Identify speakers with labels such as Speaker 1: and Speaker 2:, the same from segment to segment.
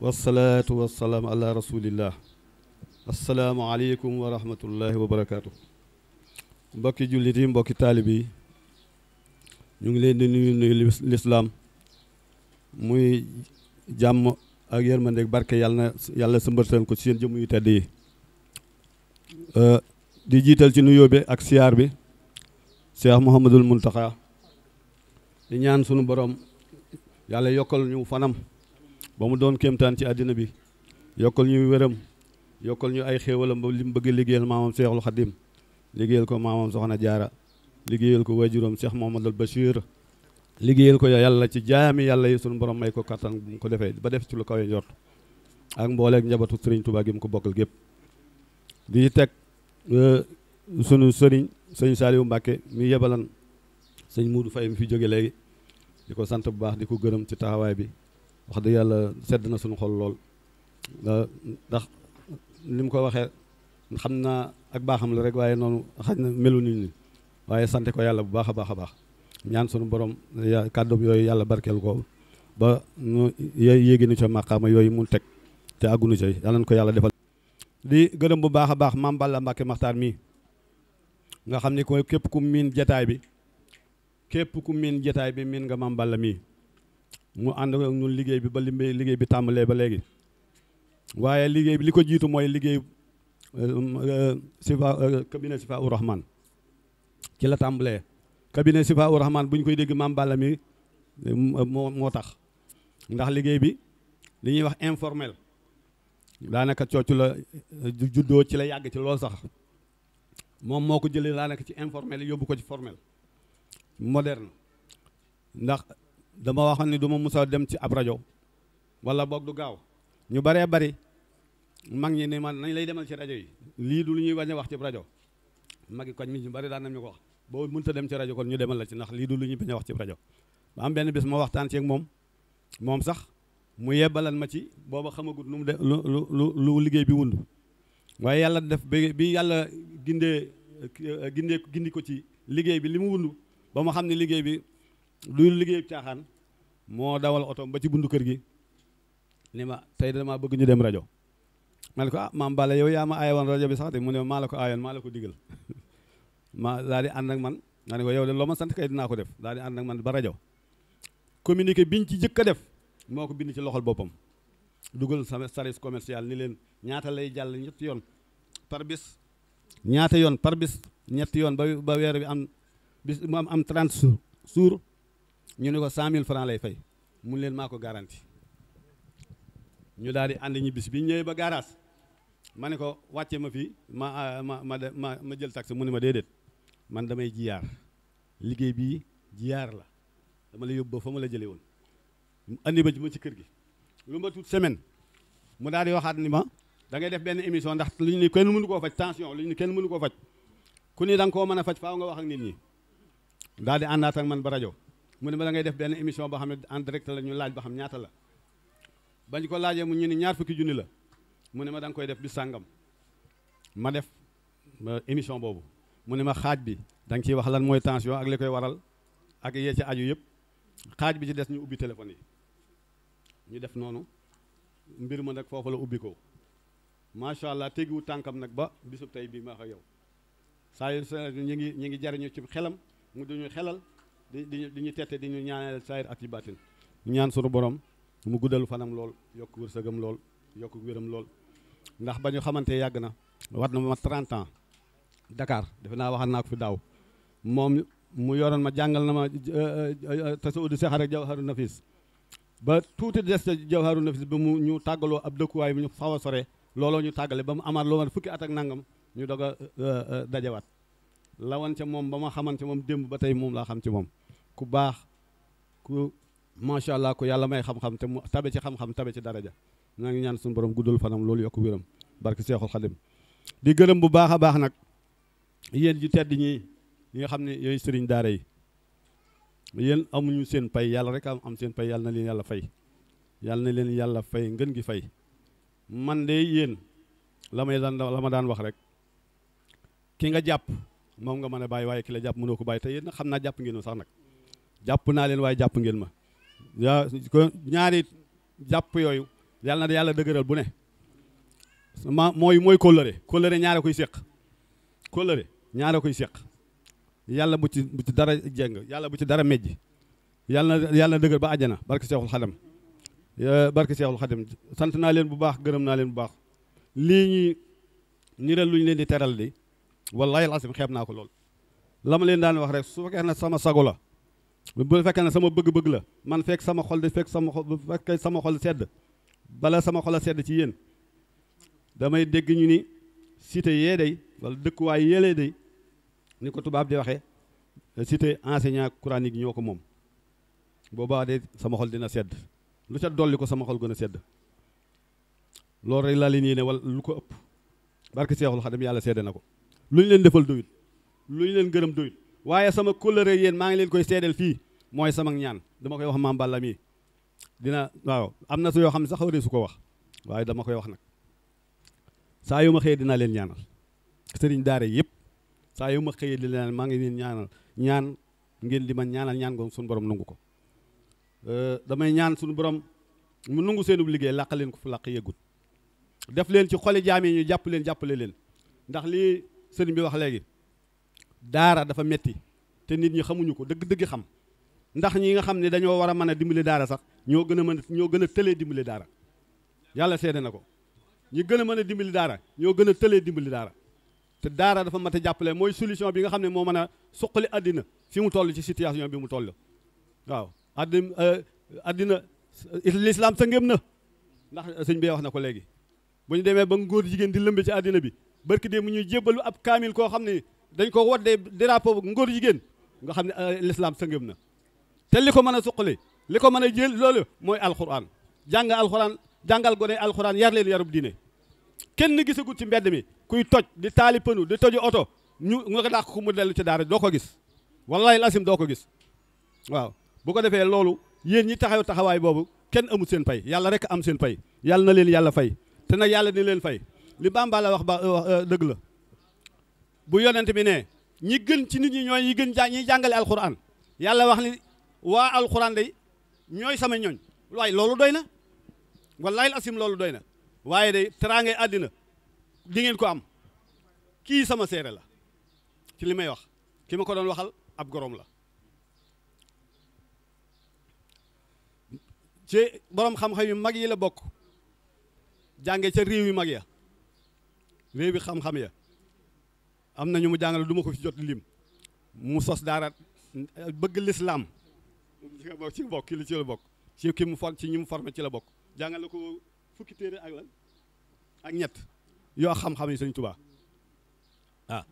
Speaker 1: wasalaatu wasalaam ala rasulillah asalaamualeykum wa rahmatullahi wa barakaatu. mbokki jullit yi mbokki taalib yi ñu ngi leen di nuyu nuyu lislaam muy jàmm ak yërmande ak barke yàlla na yàlla sëmbataan ko ci seen jëmm yu tedd yi di jiital ci nuyoo ak siyaar bi Cheikh Mouhamadul Mountakha di ñaan sunu borom yàlla yokkal ñu fanam ba mu doon kéemtaan ci àddina bi yokkal ñuy wéram yokkal ñu ay xéewalam ba li mu bëgg liggéeyal maamam Seexul Xadim liggéeyal ko maamam Soxna Jaara liggéeyal ko waajuram Cheikh Mouhamadul Bachir liggéeyal ko yàlla ci jaami yàlla yi sunu borom may ko kattan bu mu ko defee ba def ci lu kawe njort ak mbooleek njabootu sëriñ Touba gi mu ko bokkal gépp di teg euh, sunu sëriñ sëñ Saliou Mbacke mi yebalan sëñ Moudou Faye mu fi jóge léegi di ko sant bu baax di ko gërëm ci taxawaay bi wax dëgg yàlla sedd na suñu xol lool ndax ni mu ko waxee xam naa ak baaxam la rek waaye noonu xaj na melu nit ñi waaye sante ko yàlla bu baax a baax a baax ñaan suñu borom kàddoom yooyu yàlla barkeel ko ba nu yéegi nu ca màqaama yooyu mu teg te àggunu ca yàlla na ko yàlla defal di gërëm bu baax a baax maam Balla Mbàkke Maxtaar mii nga xam ni ko képp ku miin jataay bi képp ku miin jataay bi miin nga maam Balla mii mu ànd ak ñun liggéey bi ba li liggéey bi tàmbalee ba léegi waaye liggéey bi li ko jiitu mooy liggéey euh, sifa euh, cabinet sifa u rahman ci la tàmbalee cabinet sifa u bu ñu koy dégg maam Balla mi moo moo tax ndax liggéey bi li ñuy wax informel daanaka coocu la juddoo ci la yàgg ci lool sax moom moo ko jëlee daanaka ci informel yóbbu ko ci formel moderne ndax dama waxoon ni du ma musa dem ci ab rajo wala boog du gaaw ñu baree bari mag ñi ne ma nañ lay demal ci rajo yi lii du lu ñuy bañ a wax ci rajo mag yi koñ mi ñu bari daan nañ ñu ko wax boo mënta dem ci rajo kon ñu demal la ci ndax lii du lu ñuy bañ a wax ci rajo ba am benn bis ma waxtaan ceeg moom moom sax mu yebbalal ma ci booba xamagut lu mu de lu liggéey bi wund waaye yàlla def bi bi yàlla gindee gindee gindi ko ci liggéey bi li mu wund ma xam ne liggéey bi lu liggéey caaxaan moo dawal otoom ba ci bundu kër gi ni ma tey dama bëgg ñu dem rajo ma ne ko ah maam Balla yow yaa ma aaye woon rajo bi sax de mu ne maa la ko aayoon maa la ko digal ma daal di ànd ak man ma ne ko yow de loo ma sant kay dinaa ko def daal di ànd ak man ba rajo communiqué biñ ci jëkk a def moo ko bind ci loxol boppam dugal sa service commercial ni leen ñaata lay jàll ñetti yoon par bis ñaata yoon par bis ñetti yoon ba ba weer bi am bis mu am am 30 ñu ne ko cent mille francs lay fay mun leen maa ko garanti ñu daal di ànd ñi bi ñëwee ba garage ma ne ko wàcce ma fi ah, ma ma ma ma jël taxi mu ne ma déedéet man damay jiyaar liggéey bii jiyaar la dama la yóbbu fa ma la jëlee woon andi ba ci ci kër gi lu ma tuut semaine mu daal di waxaat ni ma dangay ngay def benn émision ndax lu ñu ni kenn mënu koo faj tension lu ñu ni kenn mënu koo faj ku ni da koo mën a faj faaw nga wax ak nit ñi daal di àndaat ak man ba rajo mu ne ma la ngay def benn émission boo xam ne en direct la ñu laaj ba xam ñaata la bañ ko laajee mu ñu ni ñaar fukki junni la mu ne ma danga koy def bi sàngam ma def émission boobu mu ne ma xaaj bi danga nga wax lan mooy tension ak li koy waral ak yee ci aju yëpp xaaj bi ci des ñu ubbi téléphone yi ñu def noonu mbir ma nag foofu la ubbi ko macha allah tegiwu tànkam nag ba bisub tey bii ma wax ak saa yu ñu ngi ñu ngi jariñu ci xelam mu duñu xelal di di ñu tette di ñu ñaanal saayir ak ci baatin ñaan sunu borom mu guddal fanam lool yokk wërsëgam lool yokk wéram lool ndax ba ñu xamante yàgg na war na ma 30 ans Dakar defe naa waxal naa ko fi daaw moom mu yoroon ma jàngal na ma eh, eh, eh, tasawudu saxaar ak jawharu nafis ba tuuti des ca jawharu nafis ba mu ñu tàggaloo ab dëkkuwaay mu ñu xaw a sore looloo ñu tàggale ba mu amaat loo man fukki at nangam ñu doog a dajawaat lawan ca moom ba ma xamante moom démb ba tey moom laa xam ci moom ku baax ku macha allah ku yàlla may xam-xam te mu tabe ci xam-xam tabe ci dara ja ngi ñaan suñu borom guddal fanam loolu yokk wéram barke Seexul Xadim di gërëm bu baax a baax nag yéen ju tedd ñi ñi nga xam ne yooyu sëriñ daara yi yéen amuñu seen pay yàlla rek am seen pay yàlla na leen yàlla fay yàlla na leen yàlla fay ngën gi fay man de yéen la may daan la ma daan wax rek ki nga jàpp moom nga mën a bàyyi waaye ki la jàpp mënoo ko bàyyi te yéen xam naa jàpp ngeen sax nag jàpp naa leen waaye jàpp ngeen ma yaa ñaari jàpp yooyu yàlla na yàlla dëgëral bu ne ma mooy mooy kóllëre kóllëre ñaare koy séq kóllëre ñaara koy séq yàlla bu ci bu ci dara jeng yàlla bu ci dara mejj yàlla yàlla dëgër ba àjjana barke Seexul Xadam barke Seexul Xadam sant naa leen bu baax gërëm naa leen bu baax lii ñi niral lu leen di teral di wallahi alasim xeeb naa ko lool la ma leen daan wax rek su fekkee na sama sago la bu fekkee ne sama bëgg-bëgg la man fekk sama xol de fekk sama xol bu fekkee sama xol sedd bala sama xol a sedd ci yéen damay dégg ñu ni cité yee day wala dëkkuwaay yélee day ni ko tubaab di waxee cité enseignant coranique ñoo ko moom boobaa de sama xol dina sedd lu ca dolli ko sama xol gën a sedd loolu rek laa leen yéene wala lu ko ëpp barke Seexul Xadim yàlla sedde na ko lu ñu leen defal doyul lu ñu leen gërëm doyul waaye sama kóllëre yéen maa ngi leen koy seedeel fii mooy sama ñaan dama koy wax maam Balla mii dina waaw am na su yoo xam ne sax waree su ko wax waaye dama koy wax nag saa yu ma xëyee dinaa leen ñaanal sëriñ daare yëpp saa yu ma xëyee di leen maa ngi leen ñaanal ñaan ngeen di ma ñaanal ñaan goom suñu borom nangu ko damay ñaan suñu borom mu nungu seenub liggéey làq leen ko fu làq yëgut def leen ci xoli jaam ñu jàpp leen jàppale leen ndax lii sëriñ bi wax léegi daara dafa metti te nit ñi xamuñu ko dëgg-dëgg xam ndax ñi nga xam ne dañoo war a mën a dimbali daara sax ñoo gën a mën ñoo gën a tëlee dimbali daara yàlla seede na ko ñi gën a mën a dimbali daara ñoo gën a tëlee dimbili daara te daara dafa mat a jàppale mooy solution bi nga xam ne moo man a suqali àddina fi mu toll ci situation bi mu toll waaw àddina euh, àddina lislaam sa ngëm na ndax sëñ bee wax na ko léegi bu ñu demee ba ngóor jigéen di lëmbe ci àddina bi barki dee ñuy jébbalu ab kaamil koo xam ne dañ ko waddee drapeau ngóor jigéen nga xam ne euh, l'islam sëngëm na te li ko mën a suqali li ko mën a jël loolu mooy alxuraan jàng alxuraan jàngal gone alxuraan yar leen yarub diine kenn gisagut ci mbedd mi kuy toj di taali pënu di toji oto ñu nga ko dàq mu dellu ci daara doo ko gis wallahi lasim doo ko gis waaw bu ko defee loolu yéen ñi taxaw taxawaay boobu kenn amul seen pay yàlla rek am seen pay yàlla na leen yàlla fay te nag yàlla ni leen fay li Bamba wax ba euh, euh, dëgg la bu yonent bi ne ñi gën ci nit ñi ñooy ñi gën ñi jàngale alxuraan yàlla wax ni waa alxuraan day ñooy sama ñooñ waaye loolu doy na wallaay asim loolu doy na waaye day teraangay àddina dingeen ko am kii sama seere la ci li may wax ki ma ko doon waxal ab goroom la ci boroom xam-xam yu mag yi la bokk jànge ca réew yu mag ya réew yi xam-xam ya am na ñu mu jàngale duma ko ci jot lim mu sos daara bëgg lislaam ci bokk ci la bokk ci ki mu for ci ñi mu formé ci la bokk jàngale ko fukki téere ak lan ak ñett yoo xam-xam yi sëñ Tuubaa ah.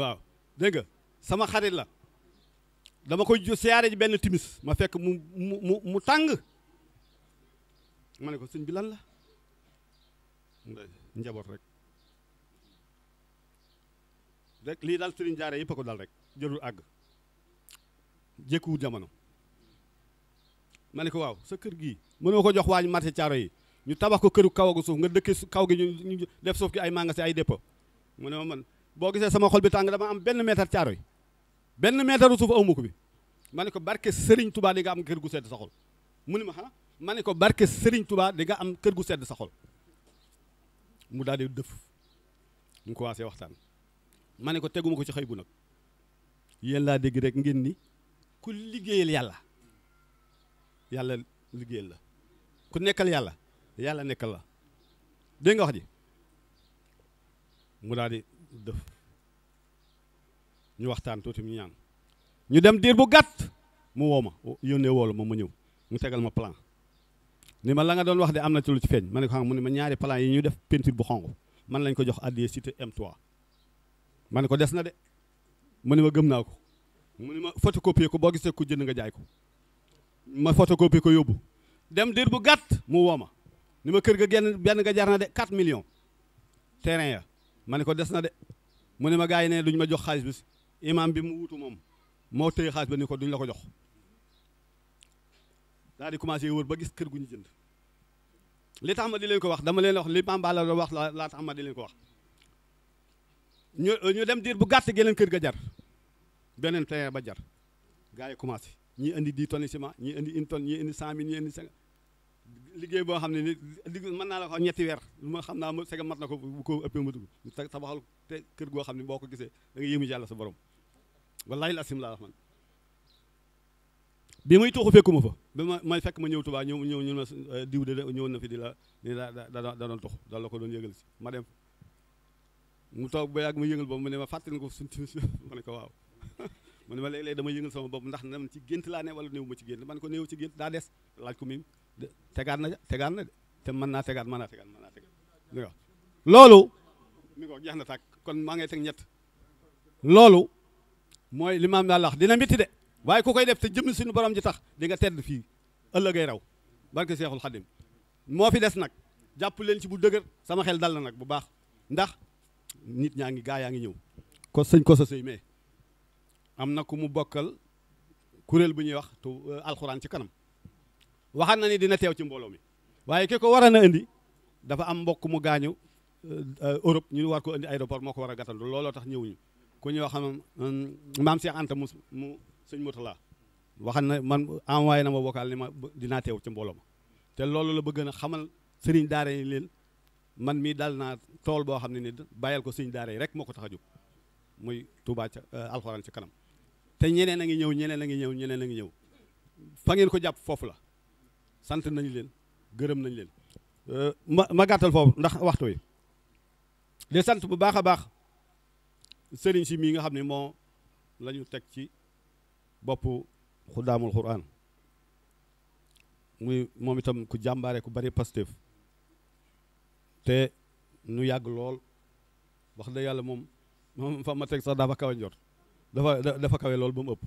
Speaker 1: waaw dégg sama xarit la dama koy siyaare ji benn timis ma fekk mu mu mu mu tàng ma ne ko sëñ bi lan la njaboot rek rek lii daal sëriñ daara yëpp ko dal rek jërul àgg jékkuwu jamono ma ne ko waaw sa kër gii mënoo ko jox waañ marché caaro yi ñu tabax ko këru kaw agu suuf nga dëkke kaw gi ñu def suuf gi ay si ay dépôt mu ne ma man boo gisee sama xol bi tàng dama am benn mètre caaro yi benn mètre suuf amu ko bi ma ne ko barke sëriñ tubaa di am kër gu sedd sa xol mu ne ma xanaa ma ne ko barke sëriñ tubaa di am kër gu sedd sa mu daal di dëf ñu ko waasee waxtaan ma ne ko teguma ko ci xëy bu nag yéen laa dégg rek ngeen ni ku liggéeyal yàlla yàlla liggéeyal la ku nekkal yàlla yàlla nekkal la dégg nga wax ji mu daal di def ñu waxtaan tuuti mu ñaan ñu dem diir bu gàtt mu woo ma yónnee woolu ma ma ñëw mu tegal ma plan ni ma la nga doon wax de am na ci ci feeñ ma ne ko xam mu ne ma ñaari plan yi ñu def penture bu xonq man lañ ko jox addiyee cité M3 ma ne ko des na de mu ne ma gëm naa ko mu ne ma photocopier ko boo gisee ko jënd nga jaay ko ma photocopier ko yóbbu dem diir bu gàtt mu woo ma ni ma kër ga genn benn nga jar na de 4 millions terrain ya ma ne ko des na de mu ne ma gars yi ne duñ ma jox xaalis bi imaam bi mu wutu moom moo tëye xaalis ba ni ko duñ la ko jox daal di commencé wër ba gis kër gu ñu jënd li tax ma di leen ko wax dama leen wax li Pambal la wax laa tax ma di leen ko wax ñu ñu dem diir bu gàtt geneen kër ga jar beneen terrain ba jar gars yi commencé ñii indi dix tonnes ciment ñii indi une tonne ñii indi cent mille ñii indi cinq liggéey boo xam ne ni mën naa la ko ñetti weer lu ma xam naa sega mat na ko bu ko ëppee ma dugg tabaxal te kër goo xam ne boo ko gisee da nga yéemu yàlla sa borom wallahi la asim laa rahman bi muy tuuxu fekkuma fa ba ma may fekk ma ñëw tubaa ñëw ñëw ñu ma eh, diw de ñëwoon na fi di la di da da doon tuux da la ko doon yëgal si ma dem mu toog ba yàgg ma yëngal boobu mu ne ma fàttali ko suñ ma ne ko waaw mu ne ma léeg-léeg dama yëngal sama bopp ndax man ci gént laa ne wala néew ma ci gént man ko néew ci gént daa des laaj ko miim tegaat na tegaat na de te mën naa tegaat mën naa tegaat mën naa tegaat loolu mi ko jeex na tàkk kon maa ngay teg ñett loolu mooy li maam daal wax dina métti de waaye ku koy def te jëm suñu borom ji tax di nga tedd fii ëllëgay raw barke seexul xadim moo fi des nag jàpp leen ci bu dëgër sama xel dal na nag bu baax ndax nit ñaa ngi gaa yaa ngi ñëw ko sëñ Kosso Seye mais am na ku mu bokkal kuréel bu ñuy wax tu euh, alxuraan ci kanam waxaat na ni dina teew ci mbooloo mi waaye ki ko war a na indi dafa am mbokk mu gaañu euh, euh, Europe ñu war ko indi aéroport moo ko war a gàttandu looloo tax ñëwuñu ku ñuy wax um, um, maam Cheikh Anta mu mu sëñ Moutala waxaat na man envoyé na ma vocal ni ma dinaa teew ci mbooloo ma te loolu la bëgg na xamal sëriñ daara leen man mii daal naa tool boo xam ne ni bàyyal ko suñ daara rek moo ko tax a jóg muy Touba ca euh, alxuraan ci kanam te ñeneen a ngi ñëw ñeneen a ngi ñëw ñeneen a ngi ñëw fa ko jàpp foofu la sant nañ leen gërëm nañ leen euh, ma gàttal foofu ndax waxtu wi de sant bu baax a baax sëriñ si mii nga xam ne moo lañu teg ci boppu xuddaamul quran muy moom itam ku jàmbaare ku bari Pastef te nu yàgg lool wax da yàlla moom moom fa ma teg sax dafa kawe njot dafa dafa kawe lool ba mu ëpp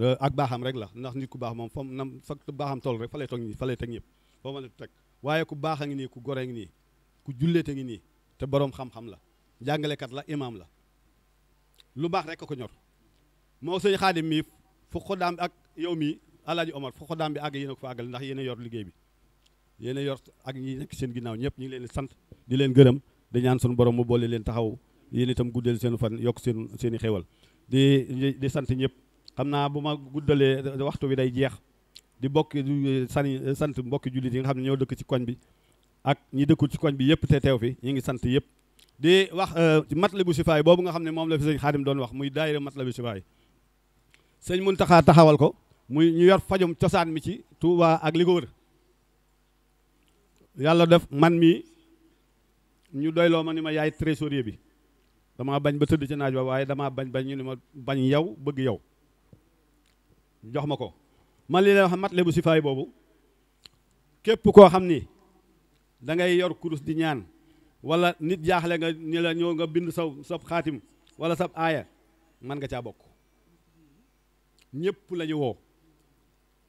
Speaker 1: euh, ak baaxam rek la ndax nit ku baax moom fam nam fa baaxam toll rek fa lay toog teg ñëpp foo mën a teg waaye ku baax a ngi nii ku gore ngi nii ku julleete ngi nii te boroom xam-xam la jàngalekat la imaam la lu baax rek a ko ñor moo sëñ xaadim mii fu xoddaam ak yow mii alaaji omar fu xoddaam bi àgg yéen a ko fa àggale ndax yéen a yor liggéey bi yéen a yor ak ñi nekk seen ginnaaw ñëpp ñu ngi leen sant di leen gërëm di ñaan suñu borom mu boole leen taxaw yéen itam guddeel seenu fan yokk seen seeni xewal di di sant ñëpp xam naa bu ma guddalee waxtu bi day jeex di bokk eh, sani eh, sant mbokki jullit yi nga xam ne ñoo dëkk ci koñ bi ak ñi dëkku ci koñ bi yëpp te teew fi ñu ngi sant yëpp di wax eh, matlabu sifaay boobu nga xam ne moom la fi sëñ xaadim doon wax muy daay daayira matlabu sifaay sëñ Muntaxa taxawal ko muy ñu yor fajum cosaan mi ci Tuuba ak li ko wër yàlla def man mii ñu doyloo ma ni ma yaay trésorier bi damaa bañ ba tëdd ci naaj ba waaye damaa bañ bañ ñu ni ma bañ yow bëgg yow jox ma ko man li lay wax mat lebu si boobu képp koo xam ni dangay yor kurus di ñaan walla nit jaaxle nga ni la ñëw nga bind saw sab xaatim wala sab aaya man nga caa bokk ñëpp la ñu woo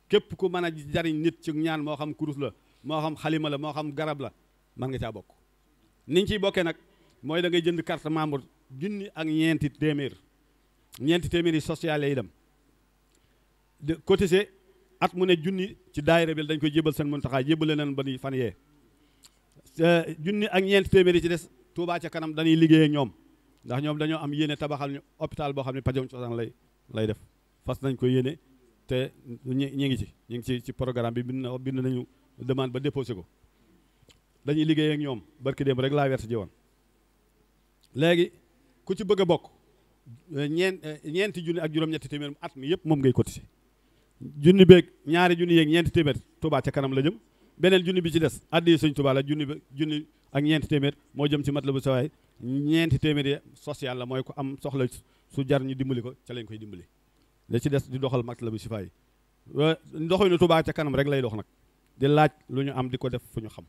Speaker 1: képp ku mën a jariñ nit ci ñaan moo xam kurus la moo xam xalima la moo xam garab la man nga caa bokk ni ñu ciy bokkee nag mooy da ngay jënd carte membre junni ak ñeenti téeméer ñeenti téeméer yi social yi dem de cotiser at mu ne junni ci daayira bi dañ koy jébal seen Muntaxa jébale nañ ba ni fan yee junni ak ñeenti téeméer yi ci des Tuubaa ca kanam dañuy liggéey ñoom ndax ñoom dañoo am yéene tabaxal ñu hôpital boo xam ne pajom cosaan lay lay def fas nañ ko yéene te ñu ngi ci ñu ngi ci ci programme bi bind na bind nañu demande ba déposé ko dañuy liggéey ak ñoom barki dem rek laa werte ji woon léegi ku ci bëgg a bokk ñeen ñeenti junni ak juróom-ñetti téeméer at mi yëpp moom ngay cotiser junni beeg ñaari junni yeeg ñeenti téeméer Touba ca kanam la jëm beneen junni bi ci des addi sëñ Touba la junni junni ak ñeenti téeméer moo jëm ci mat la bu sawaay ñeenti téeméer yi social la mooy ko am soxla su jar ñu dimbali ko ca lañ koy dimbali la ci des di doxal mat la bu sifaay ndoxu nu Touba ca kanam rek lay dox nag di laaj lu ñu am di ko def fu ñu xam